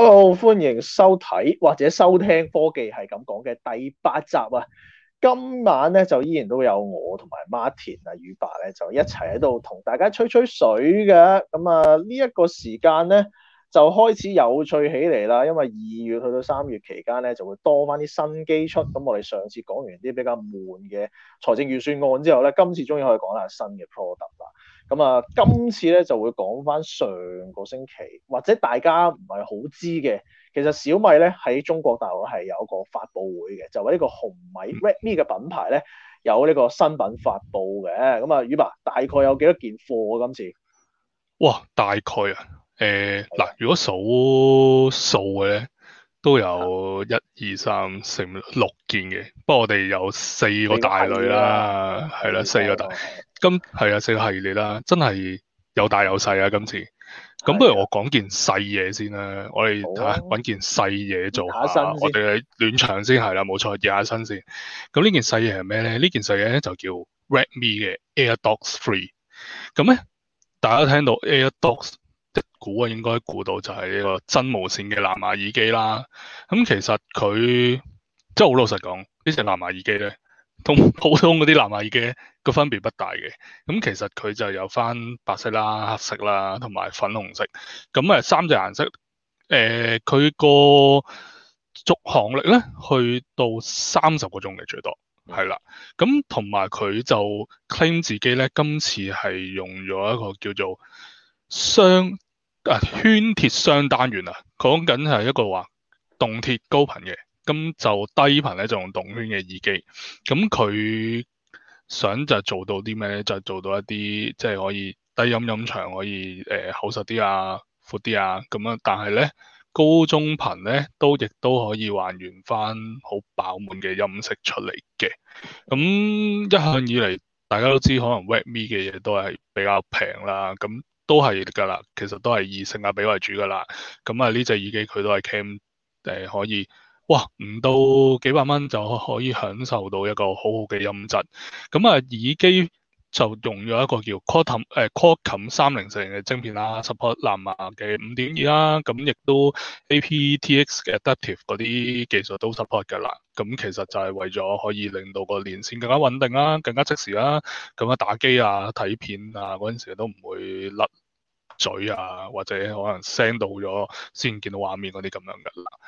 Hello，歡迎收睇或者收聽科技係敢講嘅第八集啊！今晚咧就依然都有我同埋 Martin 啊魚爸咧就一齊喺度同大家吹吹水嘅。咁啊呢一、這個時間咧就開始有趣起嚟啦，因為二月去到三月期間咧就會多返啲新機出。咁、啊、我哋上次講完啲比較悶嘅財政預算案之後咧，今次終於可以講下新嘅 product 啦。咁啊、嗯，今次咧就會講翻上個星期，或者大家唔係好知嘅，其實小米咧喺中國大陸係有一個發布會嘅，就係呢個紅米 Redmi 嘅品牌咧有呢個新品發布嘅。咁、嗯、啊，魚爸大概有幾多件貨今次？哇！大概啊，誒、呃、嗱，的如果數數嘅咧。都有一二三四六件嘅，不過我哋有四個大類啦，係啦的四個大，今，係啊四個系列啦，真係有大有細啊今次，咁的不如我講件細嘢先啦，好我哋睇下，搵件細嘢做，我哋去暖場先係啦，冇錯，熱下身先。咁呢件細嘢係咩咧？呢件細嘢就叫 Redmi 嘅 AirDots 3。咁咧，大家聽到 AirDots 估啊，應該估到就係呢個真無線嘅藍牙耳機啦。咁、嗯、其實佢即係好老實講，呢隻藍牙耳機咧，同普通嗰啲藍牙耳機個分別不大嘅。咁、嗯、其實佢就有翻白色啦、黑色啦，同埋粉紅色。咁、嗯、啊，三隻顏色。誒、呃，佢個續航力咧，去到三十個鐘嘅最多，係啦。咁同埋佢就 claim 自己咧，今次係用咗一個叫做雙誒、啊，圈鐵雙單元啊，講緊係一個話動鐵高頻嘅，咁就低頻咧就用動圈嘅耳機，咁佢想就做到啲咩咧？就是，做到一啲即係可以低音音場可以誒、呃、厚實啲啊，闊啲啊咁啊樣，但係咧高中頻咧都亦都可以還原翻好飽滿嘅音色出嚟嘅。咁一向以嚟大家都知，可能 Redmi 嘅嘢都係比較平啦，咁。都係㗎啦，其實都係以性價比為主㗎啦。咁啊，呢隻耳機佢都係 can 誒、呃、可以，哇唔到幾百蚊就可以享受到一個好好嘅音質。咁啊，耳機。就用咗一個叫 Cotton 誒 Cotton 三零四零嘅晶片啦，support 藍牙嘅五點二啦，咁亦都 AP AptX 嘅 adaptive 嗰啲技術都 support 噶啦，咁其實就係為咗可以令到個連線更加穩定啦，更加即時啦，咁樣打機啊睇片啊嗰陣時都唔會甩。嘴啊，或者可能聲到咗先見到畫面嗰啲咁樣噶啦。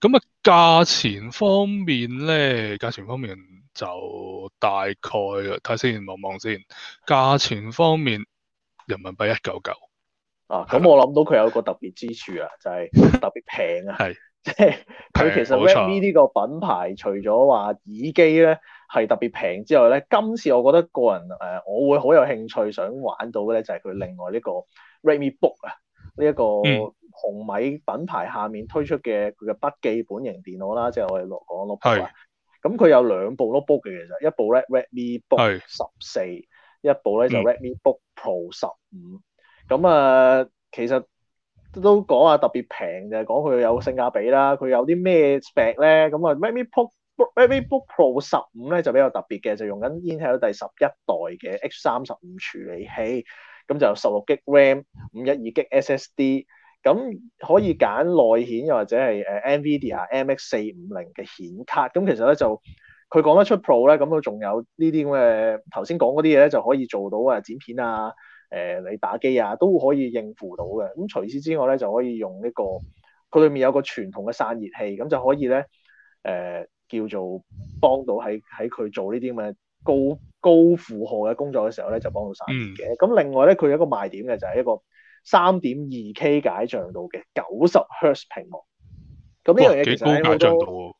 咁啊，價錢方面咧，價錢方面就大概睇先望望先。價錢方面，人民幣一九九啊。咁我諗到佢有個特別之處啊， 就係特別平啊。係。 即係佢其實 Redmi 呢個品牌，除咗話耳機咧係特別平之外咧，今次我覺得個人誒、呃、我會好有興趣想玩到嘅咧，就係佢另外呢個 Redmi Book 啊，呢一個紅米品牌下面推出嘅佢嘅筆記本型電腦啦，即係我哋講 notebook。係，咁佢是有兩部 notebook 嘅其實，一部咧 Redmi Book 十四，一部咧就 Redmi Book Pro 十五。咁啊是、呃，其實。都講啊，特別平就係講佢有性價比啦。佢有啲咩 spec 咧？咁啊 Redmi Book Redmi Book Pro 十五咧就比較特別嘅，就用緊 Intel 第十一代嘅 H 三十五處理器，咁就有十六 G RAM，五一二 G SSD，咁可以揀內顯又或者係誒 NVIDIA MX 四五零嘅顯卡。咁其實咧就佢講得出 Pro 咧，咁佢仲有呢啲咁嘅頭先講嗰啲嘢咧，就可以做到啊剪片啊。誒、呃，你打機啊都可以應付到嘅。咁除此之外咧，就可以用呢、這個，佢裏面有個傳統嘅散熱器，咁就可以咧，誒、呃、叫做幫到喺喺佢做呢啲咁嘅高高負荷嘅工作嘅時候咧，就幫到散熱嘅。咁、嗯、另外咧，佢有一個賣點嘅就係一個三點二 K 解像度嘅九十赫茲屏幕。咁呢樣嘢幾高解像度喎，啊？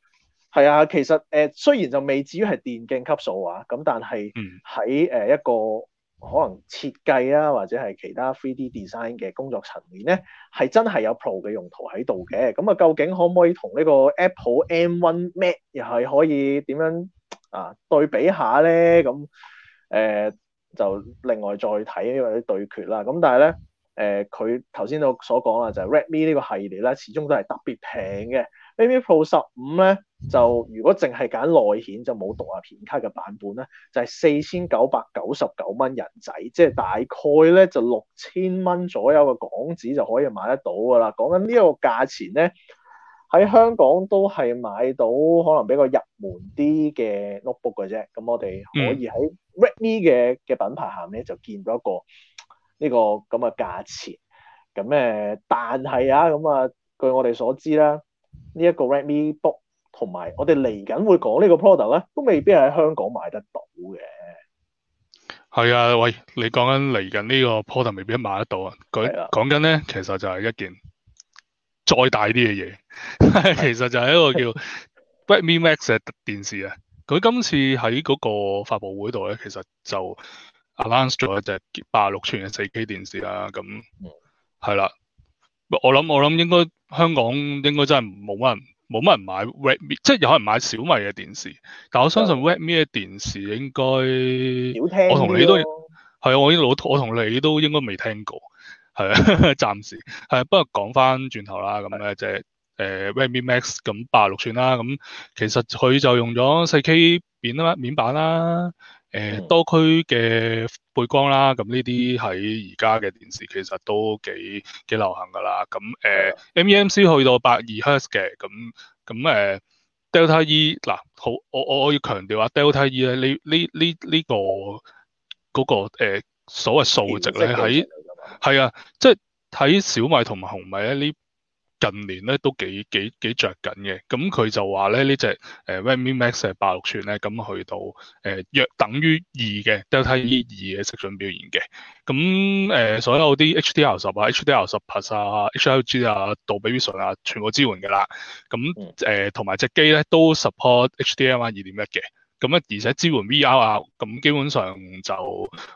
係啊，其實誒、呃、雖然就未至於係電競級數啊，咁但係喺誒一個。嗯可能設計啊，或者係其他 three D design 嘅工作層面咧，係真係有 pro 嘅用途喺度嘅。咁啊，究竟可唔可以同呢個 Apple M1 Mac 又係可以點樣啊對比下咧？咁誒、呃、就另外再睇，呢個對決啦。咁但係咧誒，佢頭先我所講啦，就 Redmi 呢個系列咧，始終都係特別平嘅。Redmi Pro 十五咧，就如果淨係揀內顯，就冇獨立顯卡嘅版本咧，就係四千九百九十九蚊人仔，即係大概咧就六千蚊左右嘅港紙就可以買得到噶啦。講緊呢一個價錢咧，喺香港都係買到可能比較入門啲嘅 notebook 嘅啫。咁我哋可以喺 Redmi 嘅嘅品牌下面咧就見到一個呢個咁嘅價錢。咁誒，但係啊咁啊，據我哋所知啦。呢一個 Redmi Book 同埋我哋嚟緊會講呢個 product 咧,都未必喺香港買得到嘅。係啊,喂,你講緊嚟緊呢個 product 未必買得到啊?佢講緊咧,其實就係一件再大啲嘅嘢,其實就係一個叫 Redmi Max 嘅電視啊。佢今次喺嗰個發佈會度咧,其實就 announce 咗一隻八六寸嘅四 K 電視啦。咁係啦。的我諗我諗，應該香港應該真係冇乜人冇乜人買 Redmi，即係有可能買小米嘅電視，但我相信 Redmi 嘅電視應該、嗯、我同你都係啊、嗯，我老我同你都應該未聽過，係啊，暫時係。不過講翻轉頭啦，咁咧即係就誒、是呃、Redmi Max 咁八六寸啦，咁其實佢就用咗四 K 面啊，面板啦。誒、嗯、多區嘅背光啦，咁呢啲喺而家嘅電視其實都幾幾流行噶啦。咁誒，MEMC 去到百二赫茲嘅，咁咁誒，Delta E 嗱，好，我我我要強調啊，Delta E 咧呢呢呢呢個嗰、那個、呃、所謂數值咧喺係啊，即係睇小米同埋紅米咧呢。近年咧都幾幾幾着緊嘅，咁、嗯、佢就話咧呢隻誒 Redmi Max 係八六吋咧，咁去到誒、呃、約等於二嘅，Delta E 二嘅色準表現嘅。咁、嗯、誒、呃、所有啲 HDR 十啊、HDR 十 Plus 啊、HLG 啊、杜比 Vision 啊，全部支援嘅啦。咁誒同埋隻機咧都 support HDMI 二點一嘅。咁啊，而且支援 VR 啊，咁基本上就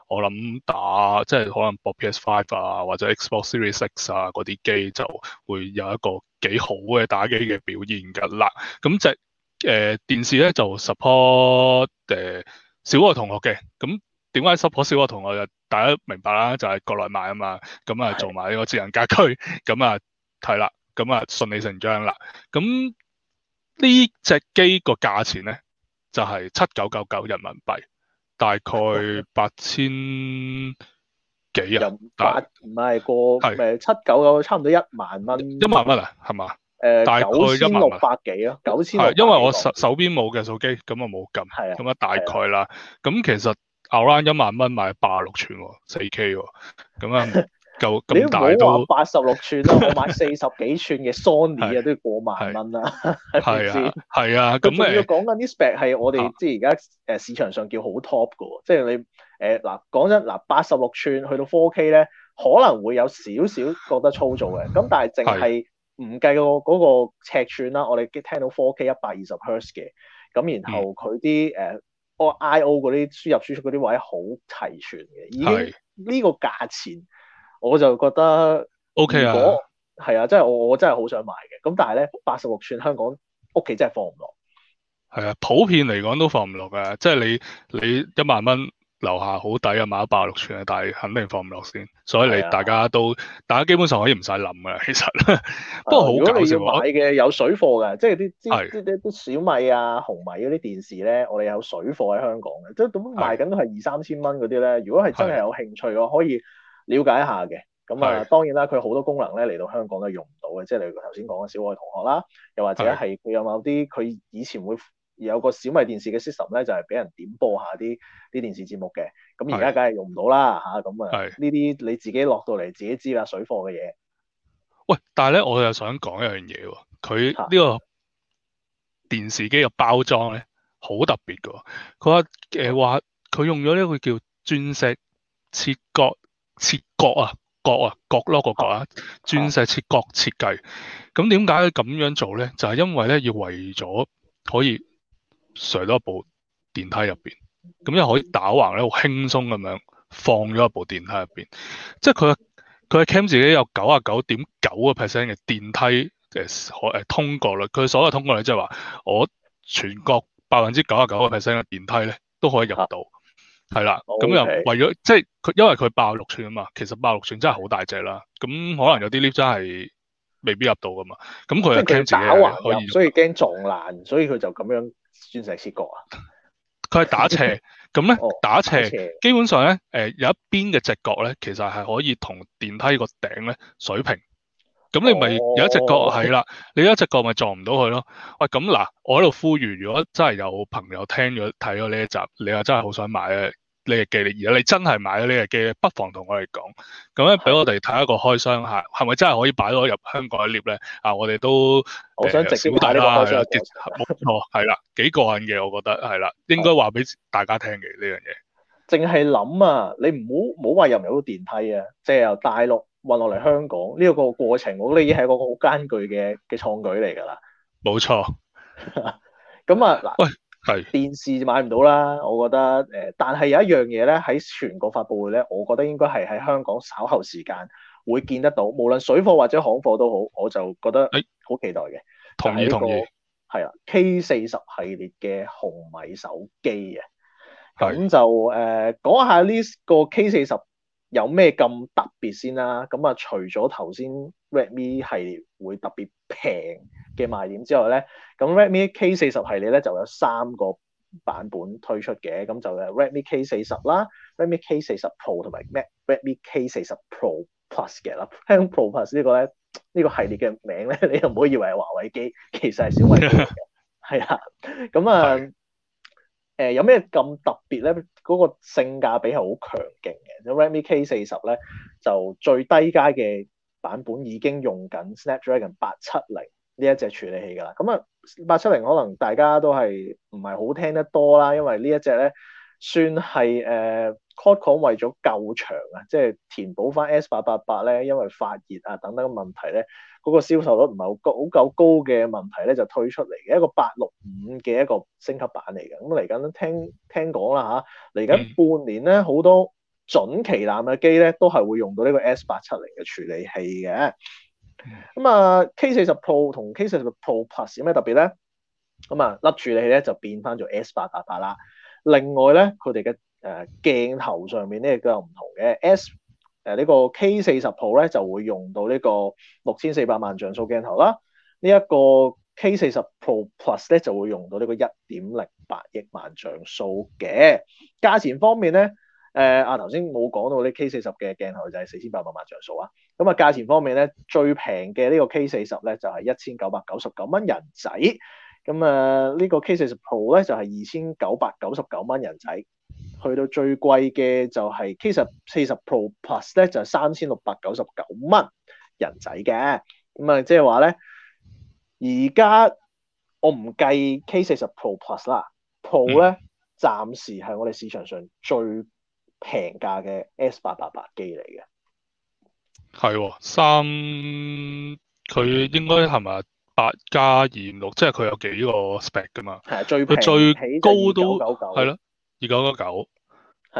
我諗打即係可能播 PS Five 啊，或者 Xbox Series X 啊嗰啲機就會有一個幾好嘅打機嘅表現噶啦。咁隻誒電視咧就 support 誒、呃、小愛同學嘅。咁點解 support 小愛同學？又大家明白啦，就係、是、國內賣啊嘛。咁啊做埋呢個智能家居，咁啊係啦，咁啊順理成章啦。咁呢隻機個價錢咧？就係七九九九人民幣，大概八千幾人，八唔係個，係七九九，差唔多一萬蚊，一萬蚊啊，係嘛？誒，大概一萬六百幾咯，九千。係，因為我手手邊冇嘅手機，咁啊冇撳，咁啊大概啦。咁其實 around 一萬蚊買八六吋四 K，咁啊。就咁大都八十六寸啦，我買四十幾寸嘅 Sony 啊 都要過萬蚊啦，係啊係啊，咁、嗯、要講緊啲 spec 係我哋即係而家誒市場上叫好 top 嘅，即係你誒嗱講真嗱八十六寸去到 4K 咧，可能會有少少覺得粗糙嘅，咁 是但係淨係唔計個嗰個尺寸啦，我哋聽到 4K 一百二十 Hz 嘅，咁然後佢啲誒個 I/O 嗰啲輸入輸出嗰啲位好齊全嘅，已經呢個價錢。我就覺得 OK 啊，係啊，即係我我真係好想買嘅。咁但係咧，八十六吋香港屋企真係放唔落。係啊，普遍嚟講都放唔落㗎。即係你你一萬蚊樓下好抵啊，買咗八十六吋啊，但係肯定放唔落先。所以你大家都大家基本上可以唔使諗㗎，其實。不過好搞笑，如果你要買嘅有水貨㗎，即係啲啲啲小米啊、紅米嗰啲電視咧，我哋有水貨喺香港嘅，即係咁賣緊都係二三千蚊嗰啲咧。如果係真係有興趣嘅，可以。了解一下嘅，咁啊是當然啦，佢好多功能咧嚟到香港都用唔到嘅，即係例如頭先講嘅小愛同學啦，又或者係佢有某啲佢以前會有個小米電視嘅 system 咧，就係、是、俾人點播一下啲啲電視節目嘅，咁而家梗係用唔到啦吓，咁是啊呢啲、啊、是你自己落到嚟自己知啦，水貨嘅嘢。喂，但係咧，我又想講一樣嘢喎，佢呢個電視機嘅包裝咧好特別㗎喎，佢話誒話佢用咗呢個叫鑽石切割。切角啊，角啊，角咯個角啊，鑽、啊啊啊、石切角設計。咁點解咁樣做咧？就係、是、因為咧要為咗可以上到一部電梯入邊，咁又可以打橫咧，好輕鬆咁樣放咗一部電梯入邊。即係佢佢係 Cam 自己有九啊九點九個 percent 嘅電梯嘅可誒通過率。佢所有通過率即係話，我全國百分之九啊九個 percent 嘅電梯咧都可以入到。係啦，咁又為咗即係佢，因為佢86寸啊嘛，其實86寸真係好大隻啦。咁、嗯、可能有啲 lift 真係未必入到噶嘛。咁佢係驚自己可以入，所以驚撞爛，所以佢就咁樣鑽石切角。啊。佢係打斜咁咧，打斜， 基本上咧，誒、呃、有一邊嘅直角咧，其實係可以同電梯個頂咧水平。咁你咪有一隻角係啦、哦，你有一隻角咪撞唔到佢咯。喂、哎，咁嗱，我喺度呼籲，如果真係有朋友聽咗睇咗呢一集，你又真係好想買。你嘅記憶，而家你真係買咗呢個記憶，不妨同我哋講，咁咧俾我哋睇一個開箱吓，係咪真係可以擺攞入香港 lift 咧？啊，我哋都我想直接帶呢個開箱，冇 錯，係啦，幾過癮嘅，我覺得係啦，應該話俾大家聽嘅呢樣嘢。淨係諗啊，你唔好唔好話入唔到電梯啊，即係由大陸運落嚟香港呢、呢個過程，我、覺得已經係一個好艱巨嘅嘅創舉嚟㗎啦。冇錯，咁 啊，喂。係是電視買唔到啦，我覺得誒、呃，但係有一樣嘢咧，喺全國發佈會咧，我覺得應該係喺香港稍後時間會見得到，無論水貨或者行貨都好，我就覺得誒好期待嘅，同意同意，係、這個、意啦，K 四十系列嘅紅米手機啊，咁是就誒講、呃、下呢個 K 四十。有咩咁特別先啦？咁啊，除咗頭先 Redmi 係會特別平嘅賣點之外咧，咁 Redmi K 四十系列咧就有三個版本推出嘅，咁就有 Redmi K 四十啦，Redmi K 四十 Pro 同埋 m Redmi K 四十 Pro Plus 嘅啦。Pro Plus 個呢個咧，呢、呢個系列嘅名咧，你又唔好以為係華為機，其實係小米嘅。係 啊，咁啊。誒、呃、有咩咁特別咧？嗰、那個性價比係好強勁嘅。咁 Redmi K 四十咧，就最低階嘅版本已經用緊 Snapdragon 八七零呢一隻處理器㗎啦。咁、嗯、啊，八七零可能大家都係唔係好聽得多啦，因為一呢一隻咧。算係誒，講、呃、為咗夠長啊，即係填補翻 S 八八八咧，因為發熱啊等等嘅問題咧，嗰、那個銷售率唔係好夠高嘅問題咧，就推出嚟嘅一個八六五嘅一個升級版嚟嘅。咁嚟緊聽聽講啦嚇，嚟、啊、緊半年咧，好多準旗艦嘅機咧，都係會用到呢個 S 八七零嘅處理器嘅。咁啊、嗯、K 四十 Pro 同 K 四十 Pro Plus 有咩特別咧？咁啊，粒處理器咧就變翻做 S 八八八啦。另外咧，佢哋嘅誒鏡頭上面咧都有唔同嘅 S 誒、呃、呢、呢個 K 四十 Pro 咧就會用到呢個六千四百萬像素鏡頭啦，呢、呢、一個 K 四十 Pro Plus 咧就會用到呢個一點零八億萬像素嘅。價錢方面咧，誒啊頭先冇講到呢 K 四十嘅鏡頭就係四千八百萬像素啊，咁啊價錢方面咧最平嘅呢個 K 四十咧就係一千九百九十九蚊人仔。咁啊，呢個 K 四十 Pro 咧就係二千九百九十九蚊人仔，去到最貴嘅就係 K 四十 Pro Plus 咧就係三千六百九十九蚊人仔嘅，咁啊即係話咧，而家我唔計 K 四十 Pro Plus 啦、嗯、，Pro 咧暫時係我哋市場上最平價嘅 S 八八八機嚟嘅，係，三，佢應該係咪？八加二五六，6, 即係佢有幾個 spec 噶嘛？係最平起二九九九，係咯，二九九九，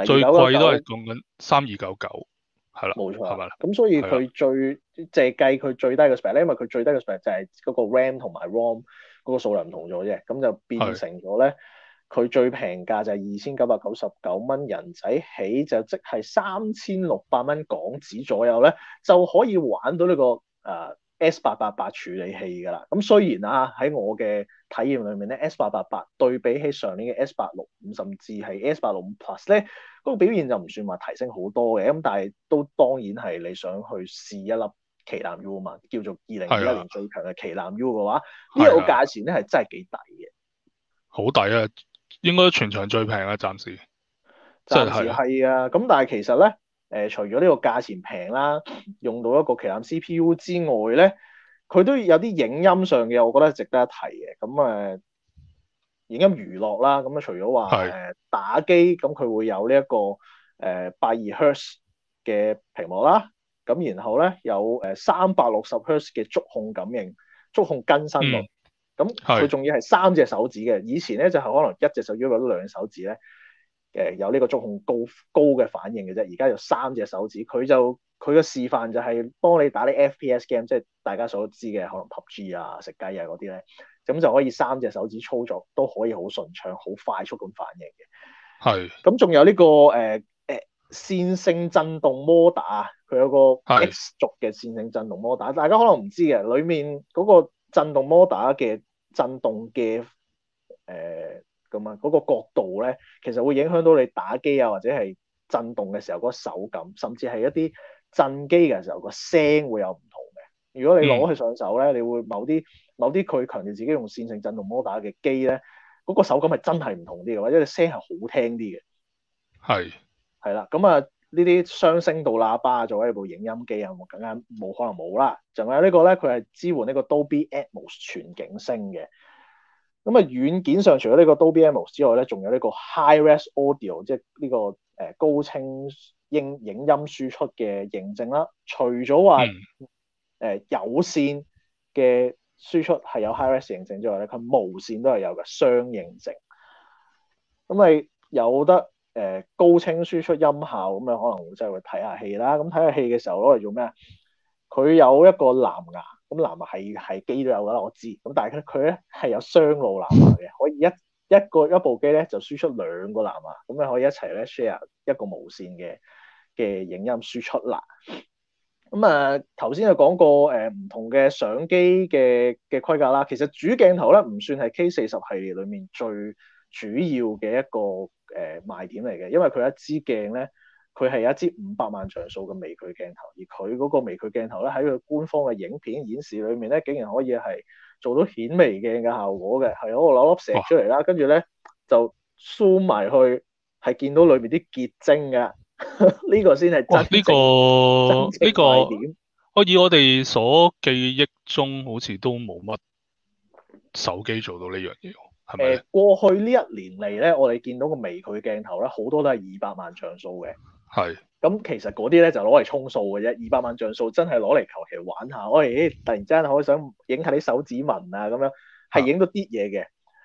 最貴都係用緊三二九九，係啦，冇錯，係咪？咁、啊、吧所以佢最即係計佢最低嘅 spec 咧，因為佢最低嘅 spec 就係嗰個 RAM 同埋 ROM 嗰個數量唔同咗啫，咁就變成咗咧，佢的最平價就係二千九百九十九蚊人仔起，就即係三千六百蚊港紙左右咧，就可以玩到呢、這個誒。呃 S 八八八處理器㗎啦，咁雖然啊喺我嘅體驗裏面咧，S 八八八對比起上年嘅 S 八六五甚至係 S 八六五 Plus 咧，嗰個表現就唔算話提升好多嘅，咁但係都當然係你想去試一粒旗艦 U 啊嘛，叫做二零二一年最強嘅旗艦 U 嘅話，呢個價錢咧係真係幾抵嘅，好抵啊，應該全場最平啊，暫時，真係，暫時係啊，咁但係其實咧。誒、呃、除咗呢個價錢平啦，用到一個旗艦 CPU 之外咧，佢都有啲影音上嘅，我覺得值得一提嘅。咁誒、呃，影音娛樂啦，咁啊除咗話誒打機，咁佢會有呢、這、一個誒、呃、82赫嘅屏幕啦。咁然後咧有誒360赫嘅觸控感應，觸控更新率。咁佢仲要係三隻手指嘅，是以前咧就係、是、可能一隻手指或者兩手指咧。誒、呃、有呢個觸控高高嘅反應嘅啫，而家有三隻手指，佢就佢個示範就係、是、幫你打啲 FPS game，即係大家所知嘅可能 PUBG 啊、食雞啊嗰啲咧，咁就可以三隻手指操作都可以好順暢、好快速咁反應嘅。係是。咁仲有呢、這個誒誒、呃呃、線性震動摩打，佢有個 X 軸嘅線性震動摩打，大家可能唔知嘅，裏面嗰個震動摩打嘅震動嘅誒。呃咁啊，嗰個角度咧，其實會影響到你打機啊，或者係震動嘅時候嗰手感，甚至係一啲震機嘅時候個聲會有唔同嘅。如果你攞去上手咧，嗯、你會某啲某啲佢強調自己用線性震動摩打嘅機咧，嗰、那個手感係真係唔同啲嘅，或者你聲係好聽啲嘅。係是。係啦，咁啊，呢啲雙聲道喇叭作為一部影音機啊，咁梗係冇可能冇啦。仲有個呢個咧，佢係支援呢個 Dolby Atmos 全景聲嘅。咁啊，軟件上除咗呢個 Dolby Atmos 之外咧，仲有呢個 High Res Audio，即係呢個誒高清音影音輸出嘅認證啦。除咗話誒有線嘅輸出係有 High Res 認證之外咧，佢無線都係有嘅雙認證。咁你有得誒、呃、高清輸出音效，咁咪可能就會即係睇下戲啦。咁睇下戲嘅時候攞嚟做咩啊？佢有一個藍牙。咁藍牙係係機都有噶啦，我知。咁但係佢咧係有雙路藍牙嘅，可以一一個一部機咧就輸出兩個藍牙，咁你可以一齊咧 share 一個無線嘅嘅影音輸出啦。咁啊頭先就講過誒唔、呃、同嘅相機嘅嘅規格啦，其實主鏡頭咧唔算係 K 四十系列裡面最主要嘅一個誒、呃、賣點嚟嘅，因為佢一支鏡咧。佢係一支五百萬像素嘅微距鏡頭，而佢嗰個微距鏡頭咧喺佢官方嘅影片演示裏面咧，竟然可以係做到顯微鏡嘅效果嘅，係嗰、哦、個粒粒射出嚟啦，跟住咧就 zoom 埋去係見到裏面啲結晶嘅，呢 個先係呢個呢個。可、這個、以我哋所記憶中，好似都冇乜手機做到呢樣嘢。係咪？誒、呃，過去呢一年嚟咧，我哋見到個微距鏡頭咧，好多都係二百萬像素嘅。係咁、嗯，其實嗰啲咧就攞嚟充數嘅啫。二百萬像素真係攞嚟求其玩下，哎，我突然之間好想影下啲手指紋啊咁樣，係影到啲嘢嘅。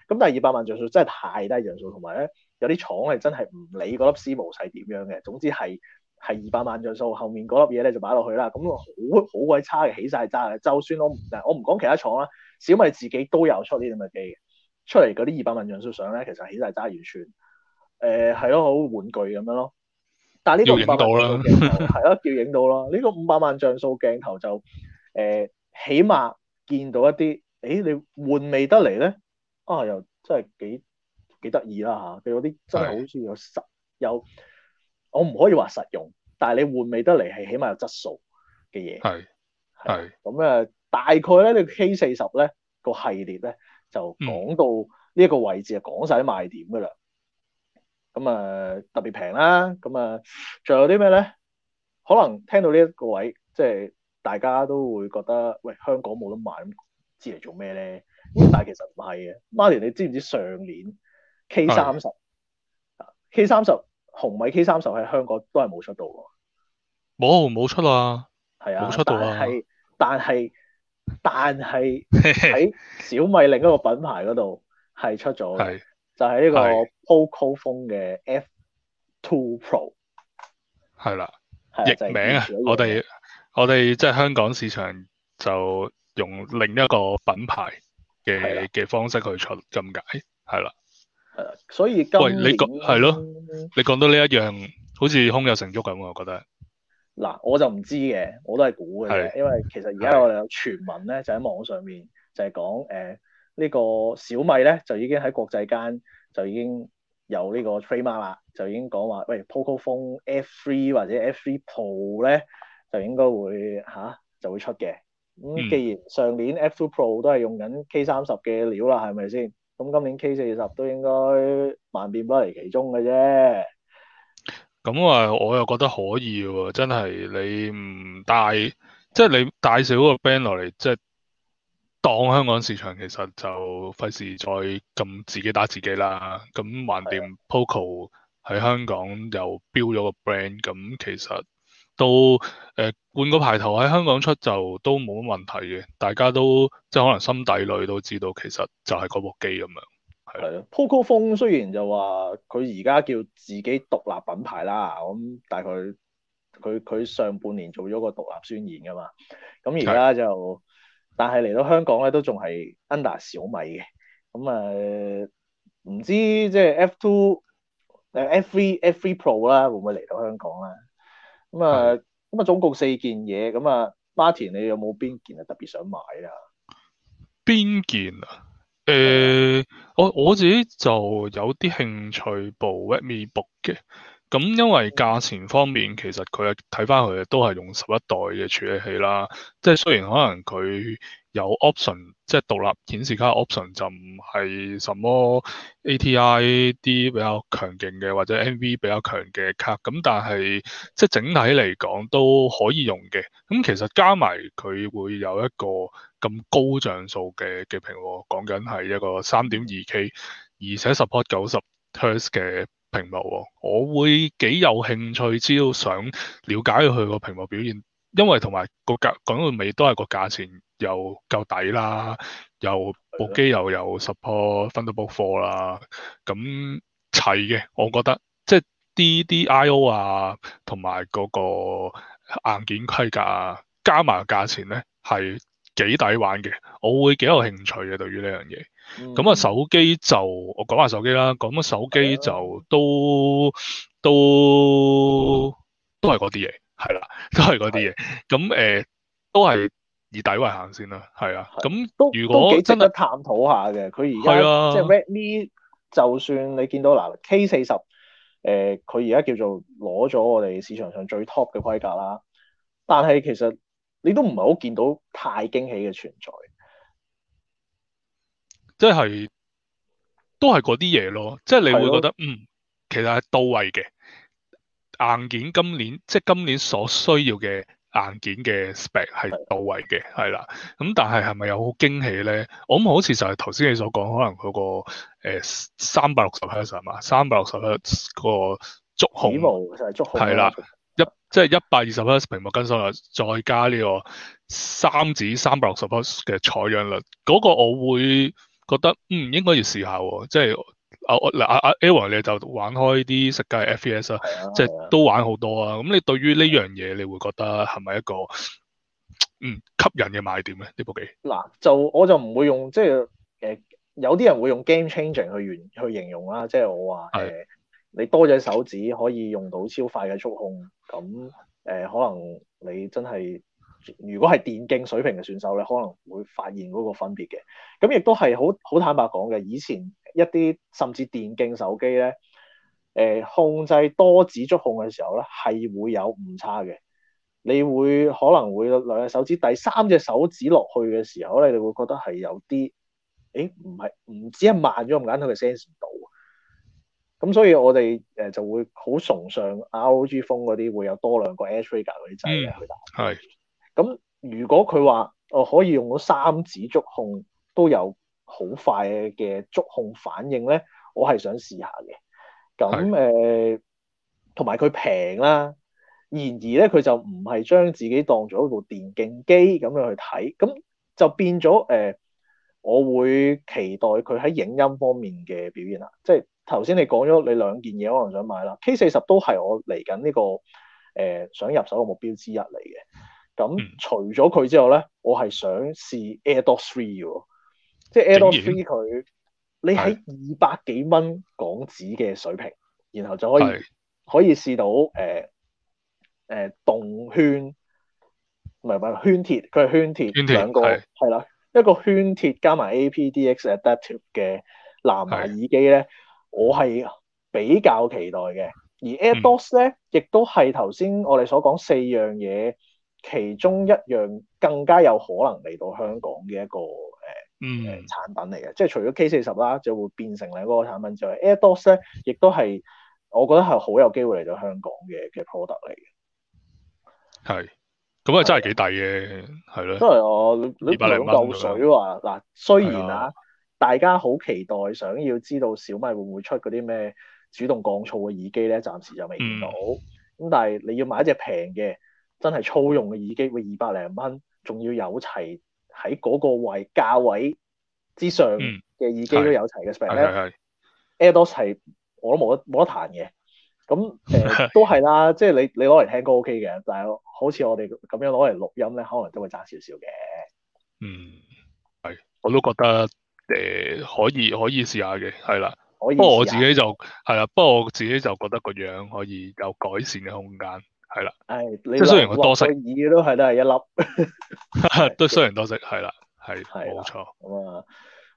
咁但係二百萬像素真係太低像素，同埋咧有啲廠係真係唔理嗰粒絲毛細點樣嘅。總之係係二百萬像素後面嗰粒嘢咧就擺落去啦。咁好好鬼差嘅起晒渣嘅。就算我唔我唔講其他廠啦，小米自己都有出呢啲咁嘅機嘅，出嚟嗰啲二百萬像素相咧，其實起晒渣完全。誒係咯，好玩具咁樣咯。但係呢個影到啦，係 咯，叫影到咯。呢、這個五百萬像素鏡頭就誒、呃，起碼見到一啲，誒，你換未得嚟咧，啊，又真係幾幾得意啦嚇。佢嗰啲真係好似有實的有，我唔可以話實用，但係你換未得嚟係起碼有質素嘅嘢。係係咁啊，大概咧，你 K 四十咧個系列咧就講到呢一個位置，就、嗯、講晒啲賣點㗎啦。咁啊、嗯、特別平啦，咁啊仲有啲咩咧？可能聽到呢一個位，即係大家都會覺得喂香港冇得賣，咁知嚟做咩咧？但係其實唔係嘅 Martin 你知唔知上年 K 三十的 K 三十紅米 K 三十喺香港都係冇出到喎，冇冇出啊？係啊的，冇出到啊！但係但係但係喺小米另一個品牌嗰度係出咗嘅。就係呢個 Pocophone 嘅 F2 Pro，係啦，的的譯名啊、就是！我哋我哋即係香港市場就用另一個品牌嘅嘅的方式去出，咁解係啦。誒，所以喂，你講係咯？你講到呢一,一樣，好似胸有成竹咁，我覺得嗱，我就唔知嘅，我都係估嘅，的因為其實而家我哋有傳聞咧的，就喺、是、網上面就係講誒。呃呢個小米咧就已經喺國際間就已經有呢個 trademark 啦，就已經講話喂，Poco Phone F3 或者 F3 Pro 咧就應該會吓、啊，就會出嘅。咁、嗯嗯、既然上年 F2 Pro 都係用緊 K 三十嘅料啦，係咪先？咁今年 K 四十都應該萬變不離其宗嘅啫。咁啊、嗯，我又覺得可以喎，真係你唔帶，即係、你帶少個 band 落嚟，即係。當香港市場其實就費事再咁自己打自己啦。咁橫掂 Poco 喺香港又標咗個 brand，咁其實都誒換、呃、個牌頭喺香港出就都冇乜問題嘅。大家都即係可能心底裏都知道，其實就係嗰部機咁樣。係啊，Poco Phone 雖然就話佢而家叫自己獨立品牌啦，咁但概佢佢上半年做咗個獨立宣言噶嘛，咁而家就。但係嚟到香港咧，都仲係 under 小米嘅。咁、嗯、啊，唔知即係 F2、誒、就是、F3、呃、F3 Pro 啦，會唔會嚟到香港啦？咁、嗯、啊，咁、嗯、啊，總共四件嘢。咁、嗯、啊 Martin 你有冇邊件啊特別想買啊？邊件啊？誒、呃，的我我自己就有啲興趣部 Redmi Book 嘅。咁、嗯、因為價錢方面，其實佢睇翻佢都係用十一代嘅處理器啦。即係雖然可能佢有 option，即係獨立顯示卡 option 就唔係什麼 ATI 啲比較強勁嘅，或者 NV 比較強嘅卡。咁但係即係整體嚟講都可以用嘅。咁其實加埋佢會有一個咁高像素嘅嘅屏喎，講緊係一個三點二 K，而且 support 九十 Hertz 嘅。屏幕喎、哦，我會幾有興趣，知道想了解佢個屏幕表現，因為同埋個價講到尾都係個價錢又夠抵啦，又部機又的又十 u p p o r t t h 啦，咁齊嘅，我覺得即係 D D I O 啊，同埋嗰個硬件規格啊，加埋價錢咧係幾抵玩嘅，我會幾有興趣嘅對於呢樣嘢。咁啊，嗯、手機就我講下手機啦。咁啊，手機就都、嗯、都都係嗰啲嘢，係啦，都係嗰啲嘢。咁誒，都係的、呃、以底位行先啦，係啊。咁的如果都都討真係探討下嘅，佢而家即係 Redmi，就算你見到嗱 K 四十、呃，誒，佢而家叫做攞咗我哋市場上最 top 嘅規格啦，但係其實你都唔係好見到太驚喜嘅存在。即係都係嗰啲嘢咯，即係你會覺得的嗯，其實係到位嘅硬件。今年即係今年所需要嘅硬件嘅 spec 係到位嘅，係啦的。咁但係係咪有好驚喜咧？我諗好似就係頭先你所講，可能嗰、那個三百六十 Hz 啊嘛，三百六十個觸控屏幕就係觸控係、啊、啦，一即係一百二十 Hz 屏幕更新率，再加呢個三指三百六十 Hz 嘅採樣率嗰、那個，我會，覺得，嗯，應該要試下喎、哦，即係我我嗱阿阿 Aaron 你就玩開啲食雞 FPS 啊，即係都玩好多啊。咁、啊、你對於呢樣嘢，你會覺得係咪一個嗯吸引嘅賣點咧？呢部機嗱，就我就唔會用即係誒、呃、有啲人會用 game changing 去去形容啦，即係我話誒、呃啊、你多隻手指可以用到超快嘅觸控，咁誒、呃、可能你真係。如果係電競水平嘅選手咧，可能會發現嗰個分別嘅。咁亦都係好好坦白講嘅。以前一啲甚至電競手機咧，誒、呃，控制多指觸控嘅時候咧，係會有誤差嘅。你會可能會兩隻手指，第三隻手指落去嘅時候咧，你會覺得係有啲誒，唔係唔止係慢咗咁簡單，嘅 sense 唔到。咁所以我哋誒、呃、就會好崇尚 ROG 風嗰啲，會有多兩個 Air Trigger 嗰啲掣嘅去打。嗯.咁如果佢話，哦，可以用到三指觸控，都有好快嘅觸控反應咧，我係想試下嘅。咁誒，同埋佢平啦，然而咧佢就唔係將自己當咗一部電競機咁樣去睇，咁就變咗誒、呃，我會期待佢喺影音方面嘅表現啦。即係頭先你講咗你兩件嘢，可能想買啦，K 四十都係我嚟緊呢個誒、呃、想入手嘅目標之一嚟嘅。咁、嗯、除咗佢之後咧，我係想試 AirDots Three 即係 AirDots Three 佢你喺二百幾蚊港紙嘅水平，是然後就可以是可以試到誒誒、呃呃、動圈，唔係唔係圈鐵，佢係圈鐵,圈鐵兩個係啦，是是一個圈鐵加埋 aptX Adaptive 嘅藍牙耳機咧，是我係比較期待嘅。而 AirDots 咧，亦都係頭先我哋所講四樣嘢。其中一樣更加有可能嚟到香港嘅一個誒誒、嗯呃、產品嚟嘅，即係除咗 K 四十啦，就會變成另一個產品之外、嗯、AirDots 咧，亦都係我覺得係好有機會嚟到香港嘅嘅 product 嚟嘅。係，咁啊真係幾抵嘅，係咯。都係我兩嚿水喎。嗱，雖然啊，的大家好期待想要知道小米會唔會出嗰啲咩主動降噪嘅耳機咧，暫時就未見到。咁、嗯、但係你要買一隻平嘅。真係粗用嘅耳機會，會二百零蚊，仲要有齊喺嗰個位價位之上嘅耳機都有齊嘅 s p a 品牌咧。AirPods 係我都冇得冇得彈嘅。咁誒、呃、都係啦， 即係你你攞嚟聽歌 OK 嘅，但係好似我哋咁樣攞嚟錄音咧，可能都會爭少少嘅。嗯，係，我都覺得誒可以可以試下嘅，係、呃、啦。可以。可以可以，不過我自己就係啦，不過我自己就覺得個樣可以有改善嘅空間。係啦，即係雖然我多食二都係都係一粒，都雖然多食，係啦，係冇錯。咁啊了，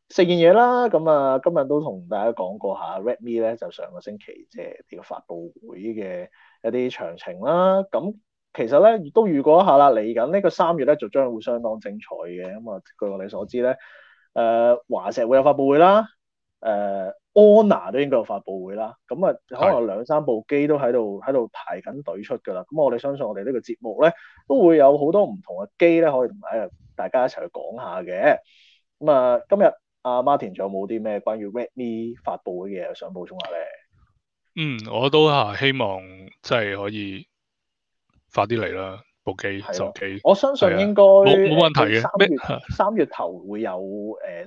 食件嘢啦，咁啊，今日都同大家講過下 Redmi 咧，就上個星期即係呢個發布會嘅一啲詳情啦。咁其實咧都預過一下啦，嚟緊呢個三月咧就將會相當精彩嘅。咁啊，據我哋所知咧，誒、呃，華碩會有發布會啦，誒、呃。Honor 都應該有發布會啦，咁啊，可能兩三部機都喺度喺度排緊隊出㗎啦，咁是我哋相信我哋呢個節目咧都會有好多唔同嘅機咧可以同大家一齊去講下嘅。咁啊今日阿、啊、Martin 仲有冇啲咩關於 Redmi 發布會嘅嘢想補充下咧？嗯，我都係希望即係可以快啲嚟啦。部機，係咯，我相信應該冇冇問題嘅。三月三月頭會有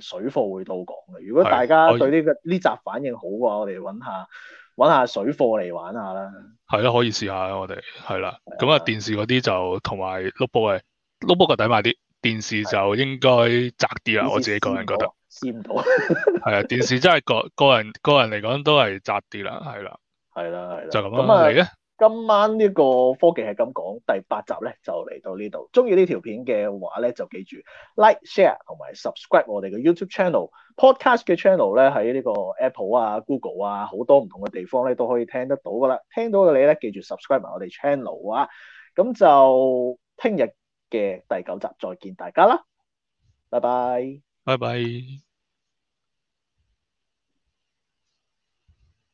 誒水貨會到港嘅。如果大家對呢個呢集反應好嘅話，我哋揾下揾下水貨嚟玩下啦。係啦，可以試下我哋係啦。咁啊，電視嗰啲就同埋碌波嘅，碌波個抵買啲，電視就應該窄啲啦。我自己個人覺得，試唔到。係啊，電視真係個個人個人嚟講都係窄啲啦，係啦，係啦，係啦，就咁啦。咁你今晚呢個科技係敢講，第八集咧就嚟到呢度。中意呢條片嘅話咧，就記住 like share、share 同埋 subscribe 我哋嘅 YouTube channel。Podcast 嘅 channel 咧喺呢個 Apple 啊、Google 啊好多唔同嘅地方咧都可以聽得到噶啦。聽到嘅你咧記住 subscribe 埋我哋 channel 啊。咁就聽日嘅第九集再見大家啦，拜拜，拜拜。